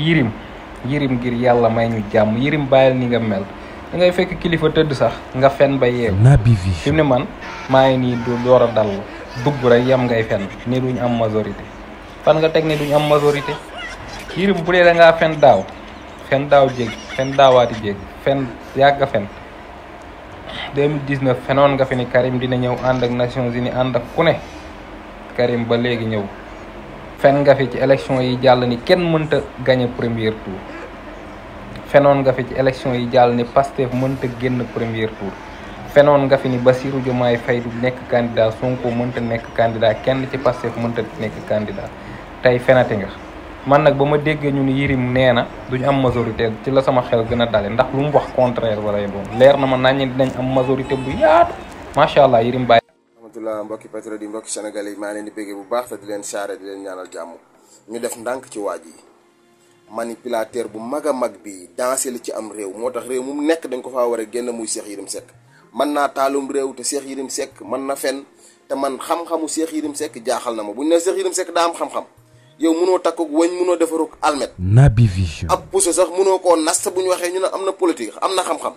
yirim yirim ngir yalla may ñu jamm yirim bayal ni nga mel da ngay fekk kilifa teud sax nga fen ba yeew nabi vi ne man may ni do du dal dugg rek yam ngay fen ni duñ am majorité fan nga tek ni duñ am majorité yirim bu le da nga fen daw fen daw jeeg fen dawati jeeg fen yàgg fen 2019 fenon nga fini Karim dina ñew and ak Nations Unies and ak ku ne Karim ba legi ñew fen nga fi ci élection yi jall ni kenn mënta gagner premier tour fenon nga fi ci élection yi jall ni Pastef mënta génn premier tour fenon nga fi ni Bassirou jomay faydou nek candidat Sonko mënta nek candidat kenn ci Pastef mënta nek candidat tay fenati nga man nak bama ma ñu ni Yirim nee duñ am majorité ci la sama xel gëna dalé ndax lu mu wax contraire yé bon lér na ma nañ dinañ am majorité bu yaatu macha allah Yirim rahmatullah mbokki patro di mbokki senegal yi maa leen di béggee bu baax te di leen saare di leen ñaanal jàmm ñu def ndànk ci waaj yi manipulateur bu mag a mag bi danser li ci am réew moo tax réew mu nekk dañ ko faa war a génn muy Cheikh Yérim Seck man naa taalum réew te Cheikh Yérim Seck man na fen te man xam-xamu Cheikh Yérim Seck jaaxal na ma bu ñu nee Cheikh Yérim Seck daa am xam-xam yow mënoo takk ak wëñ mënoo almet Naby Vision ab puso sax mënoo koo nas bu ñu waxee ñu ne am na politique am na xam-xam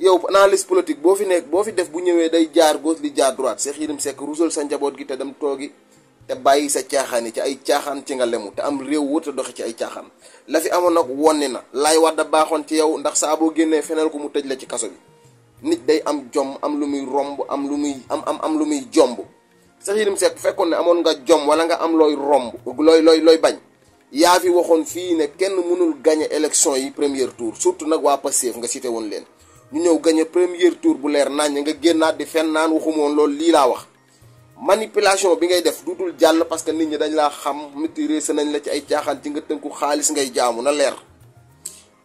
yow analyse politique boo fi nekk boo fi def bu ñëwee day jaar gauche li jaar droite Cheikh Yérim Seck ruusal sa njaboot gi te dem toogi te bàyyi sa caaxaan yi ci ay caaxaan ci nga lemu te am réew wër te doxe ci ay caaxaan la fi amoon nag wonni na laay wax baaxoon ci yow ndax saaboo boo génnee feneen ko mu tëj la ci kaso bi nit day am jom am lu muy romb am lu muy am am am lu muy jomb Cheikh Yérim Seck fekkoon ne amoon nga jom wala nga am looy romb looy looy looy bañ yaa fi waxoon fii ne kenn mënul gagner élection yi premier tour surtout nag waa Pastef nga cité woon leen ñu ñëw gagné premier tour bu leer nañ nga génnaat di fen naan waxuma woon lool li la wax manipulation bi ngay def dudul jall parce que nit ñi dañ la xam mitiré sa nañ la ci ay caaxaan ci nga tënku xaalis ngay jaamu na leer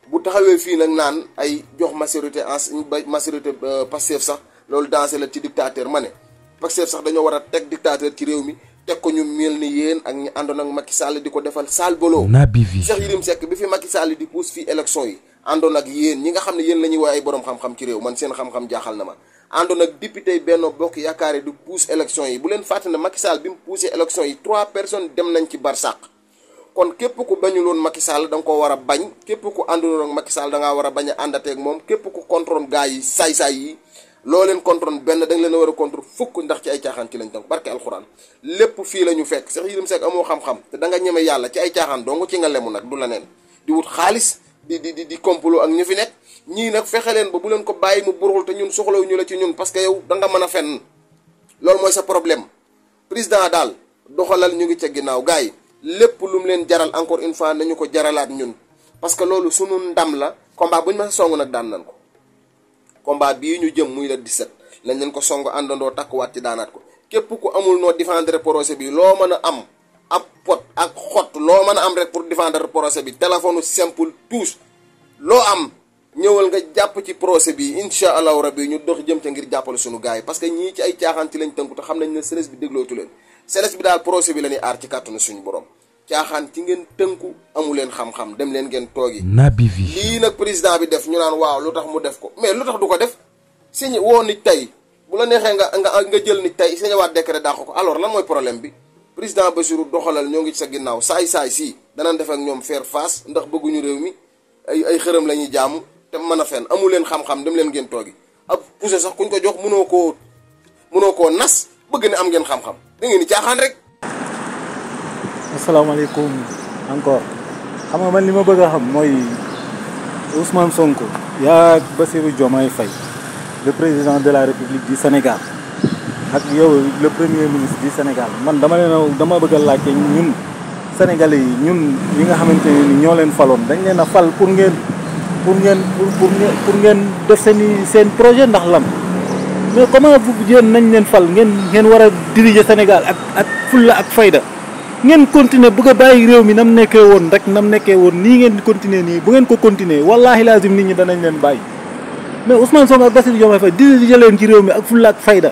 bu taxawé fi nak naan ay jox majorité en majorité euh, passif sax lool danser la ci dictateur mané passif sax dañu wara tek dictateur ci réew mi tek ko ñu melni yeen ak ñi andon ak Macky Sall diko defal sal bolo. Cheikh yirim Seck bi fi Macky Sall di pousse fi élection yi ando ak yeen ñi nga xamne yeen lañuy way ay borom xam-xam ci rew man seen xam-xam jaaxal na ma àndoon ak député Benno Bokk Yaakaar du pousse élection yi bu len faté na Macky Sall bimu élection yi trois personnes dem nañ ci kon képp ku won Macky Sall dang ko wara bañ képp ku andul won Macky Sall da nga wara a bañ ak mom képp ku contrôle gaay yi say say yi lo len contrôle benn dang leen wara contrôle fukk ndax ci ay tiaxan ci lañ tënk barké alcorane lepp fi lañu fekk sax yi lim sék amo xam-xam te da nga ñëmé yalla ci ay dong ci nga lemu du la nen di wut xaaliss di di di complot ak ñu fi nek ñi nak fexaleen ba bu leen ko bayyi mu burul te ñun ñu la ci ñun parce que yow da nga mëna fenn lool moy sa problème président daal doxalal ñu ngi ci ginaaw gaay lepp lu mu leen jaral encore une fois nañu ko jaralat ñun parce que loolu sunu ndam la combat bu ñu ma song nag daan nañ ko combat bi ñu jëm muy la 17 lañ leen ko andando takku wat ci daanat ko képp ku amul no défendre projet bi lo mëna am pot ak xott loo mën a am rek pour défendre procès bi téléphone simple tous loo am ñëwal nga jàpp ci procès bi incha allahu rabi ñu dox jëm ca ngir jàppale sunu gars yi parce que ñii ci ay caaxaan ci lañ tënku te xam nañ ne senes bi déglootu leen senes bi daal procès bi la ñuy aar ci kàttanu suñu borom caaxaan ci ngeen tënku amu leen xam-xam dem leen ngeen toogi nabi vi lii nag président bi def ñu naan waaw lu mu def ko mais lu tax def si woo nit tey bu la neexee nga nga nga jël nit tey signé waat décret dàq ko alors lan mooy problème bi président Bassirou doxalal ñoo ngi ci sa ginnaaw saay-saay si danañ def ak ñoom faire face ndax bëgguñu réew mi ay ay xërëm la ñuy jaamu te mën a fen amu leen xam-xam dem leen ngeen toogi ab poussé sax kuñ ko jox mënoo ko mënoo koo nas bëgg ne am ngeen xam-xam da ngeen di caaxaan rek. asalaamaaleykum encore xam nga man li ma bëgg a xam mooy Ousmane Sonko. yaa Bassirou Diomaye Faye le président de la République du Sénégal. ak yow le premier ministre du Sénégal man dama leen dama bëgg a laajte ñun sénégalais yi ñun yi nga xamanteni ni ñoo leen falon dañ leen a fal pour ngeen pour ngeen pour ngeen pour ngeen def seen seen projet ndax lam mais comment vous yéen nañ leen fal ngeen ngeen wara a diriger Sénégal ak ak fulla ak fayda ngeen continuer bëgg a réew mi nam nekké won rek nam nekké won ni ngeen continuer ni bu ngeen ko continuer wallahi lazim nit ñi danañ leen bàyyi mais Ousmane Sonko ak Bassirou Diomaye Faye diriger leen ci réew mi ak fulla ak fayda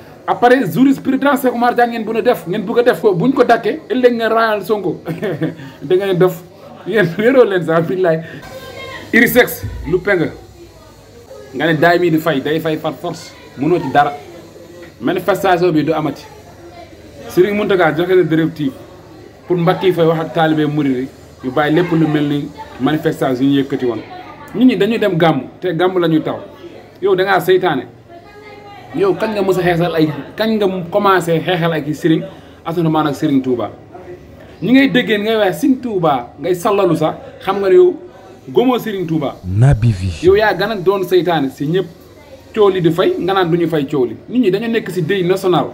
après jurisprudence Cheikh Oumar Dia ngeen bu a def ngeen bëgg a def ko buñ ko dakkee ëllëg ngeen raayal Sonko da ngeen def yéen réeroo leen sax billaay irisex lu peng nga ne daay mii di fay day fay par force mënoo ci dara manifestation bi du amati Serigne Mountaga joxe na directive pour mbakki fay wax ak taalibe murid yu bàyyi lépp lu mel ni manifestation yi ñu yëkkati woon nit ñi dañuy dem gàmm te gàmm la ñuy taw yow da ngaa seytaane yow kañ nga mës a xeexal ay kañ nga commencé xeexal ak sëriñ asanamaan ak sëriñ Touba ñi ngay déggee ngay wax sëriñ Touba ngay sallalu sax xam nga ne yow gomoo sëriñ Touba. Naby Vision yow yaa gën a doon seytaane si ñëpp coow li di fay nga naan du fay coow li nit ñi dañu nekk si deuil national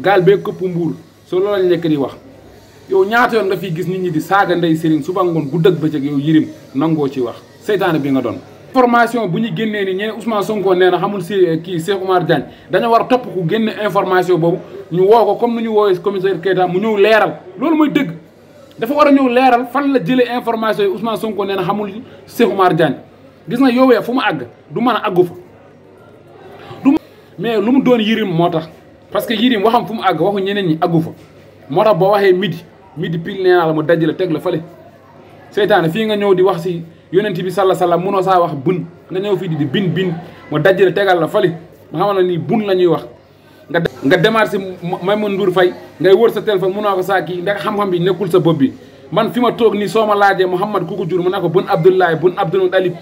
gaal bee këpp mbuul soo loolu nekk di wax. yow ñaata yoon nga fiy gis nit ñi di saaga ndey sëriñ suba ngoon bu dëgg bëccëg yow yirim nangoo ci wax seytaane bi nga doon. information bu ñu génnee ni ñeneen Ousmane Sonko nee na xamul si eh, kii Cheikh Oumar Diagne dañoo war a topp ku génne information boobu ñu woo ko comme ni ñu woowee commissaire Keita mu ñëw leeral loolu mooy dëgg dafa war a ñëw leeral fan la jëlee information yi Ousmane Sonko nee na xamul Cheikh Oumar Diagne gis nga yow fu mu àgg du man a àggu fa du mais lu mu doon yirim moo tax parce que yirim waxam fu mu àgg waxu ñeneen ñi àggu fa moo tax boo waxee midi midi pile nee naa la dajale teg la fële seytaane fii nga ñëw di wax si yonent bi salla salla munoo saa wax bun nga ñëw fii di bin bin ma dajale tegal la fali ma xamal la bun la ñuy wax nga nga démarché Maimouna Ndour fay ngay wër sa téléphone munoo ko saa xam-xam bi nekkul sa bopp bi man fima tok ni soma laaje ma kuku jur mu bun abdullah bun Abdul dalib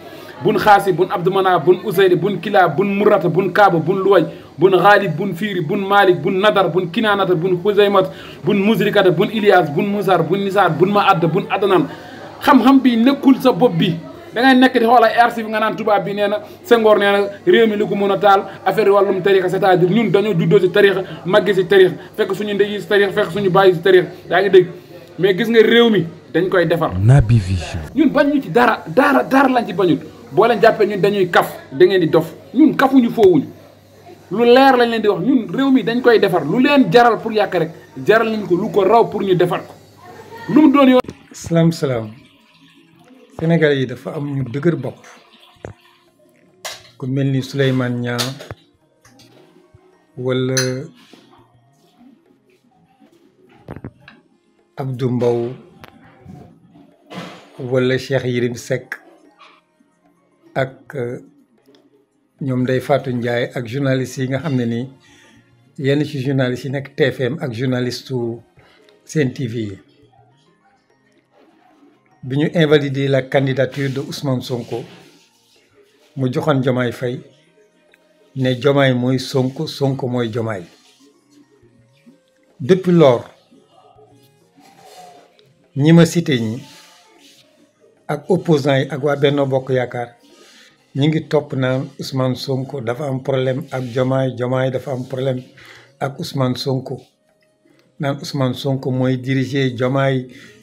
bun khasi bun abdu mana bun usaydi bun kila bun murata bun kaba bun luway bun ghalib bun firi bun malik bun nadar bun kinanata bun khuzaimat bun muzrikata bun ilias bun musar bun nisar bun maadda bun adnan xam-xam bi nekkul sa bop bi da ngay nekk di xool rc bi nga naan tubaab bi nee na Senghor nee na réew mi li ko mën a taal affaire wàllum tarixa c'est-à-dire ñun dañoo juddoo si tarixa màgge si tarixa fekk suñu ndey si fekk suñu bàyyi si tarixa yaa ngi dégg mais gis nga réew mi dañ koy defar nabi Vision ñun bañ ñu ci dara dara dara lañ ci bañul boo leen jàppee ñun dañuy kaf da ngeen di dof ñun kafuñu foowuñu lu leer lañ leen di wax ñun réew mi dañ koy defar lu leen jaral pour yàq rek jaral nañ ko lu ko raw pour ñu defar ko lu mu doon yoon salaam salaam Sénégal yi dafa am dëgër bopp ku mel ni Souleymane Niang wala Abdou Mbow wala Cheikh Yérim Seck ak euh, ñoom day Fatou njaay ak journaliste yi nga xam ne nii yenn ci journaliste yi nekk TFM ak journaliste u TV yi bi ñu invalider la candidature de Ousmane Sonko mu joxoon Jomaay Fay ne Jomaay mooy Sonko Sonko mooy Jomaay depuis lors ñi ma cité ñi ak opposants yi ak waa Benno Bokk Yaakaar ñi ngi topp naan Ousmane Sonko dafa am problème ak Jomaay Jomaay dafa am problème ak Ousmane Sonko naan Ousmane Sonko mooy diriger Jomaay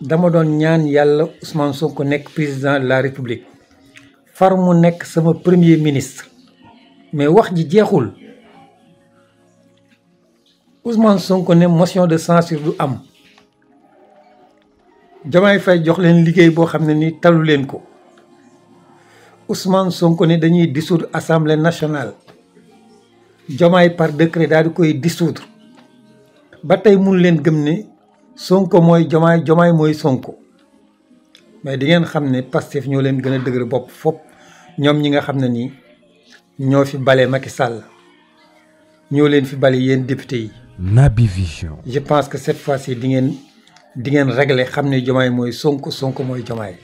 dama doon ñaan yàlla Ousmane ko nekk président de la république far mu nekk sama premier ministre mais wax ji jeexul Ousmane Sonko ne motion de censure du am Diomaye fay jox leen liggéey boo xam ne ni talu leen ko Ousmane Sonko ne dañuy dissoudre assemblée nationale Diomaye par décret daal di koy dissoudre ba tey mun leen gëm ne Sonko moy jomay jomay moy Sonko mais di ngeen xam Pastef ñoo leen gën dëgër bop fop ñom ñi nga xam ni ñoo fi balé Macky Sall ñoo leen fi balé yeen député yi. Naby Vision. je pense que cette fois-ci di ngeen di ngeen régler xam jomay moy Sonko Sonko moy jomay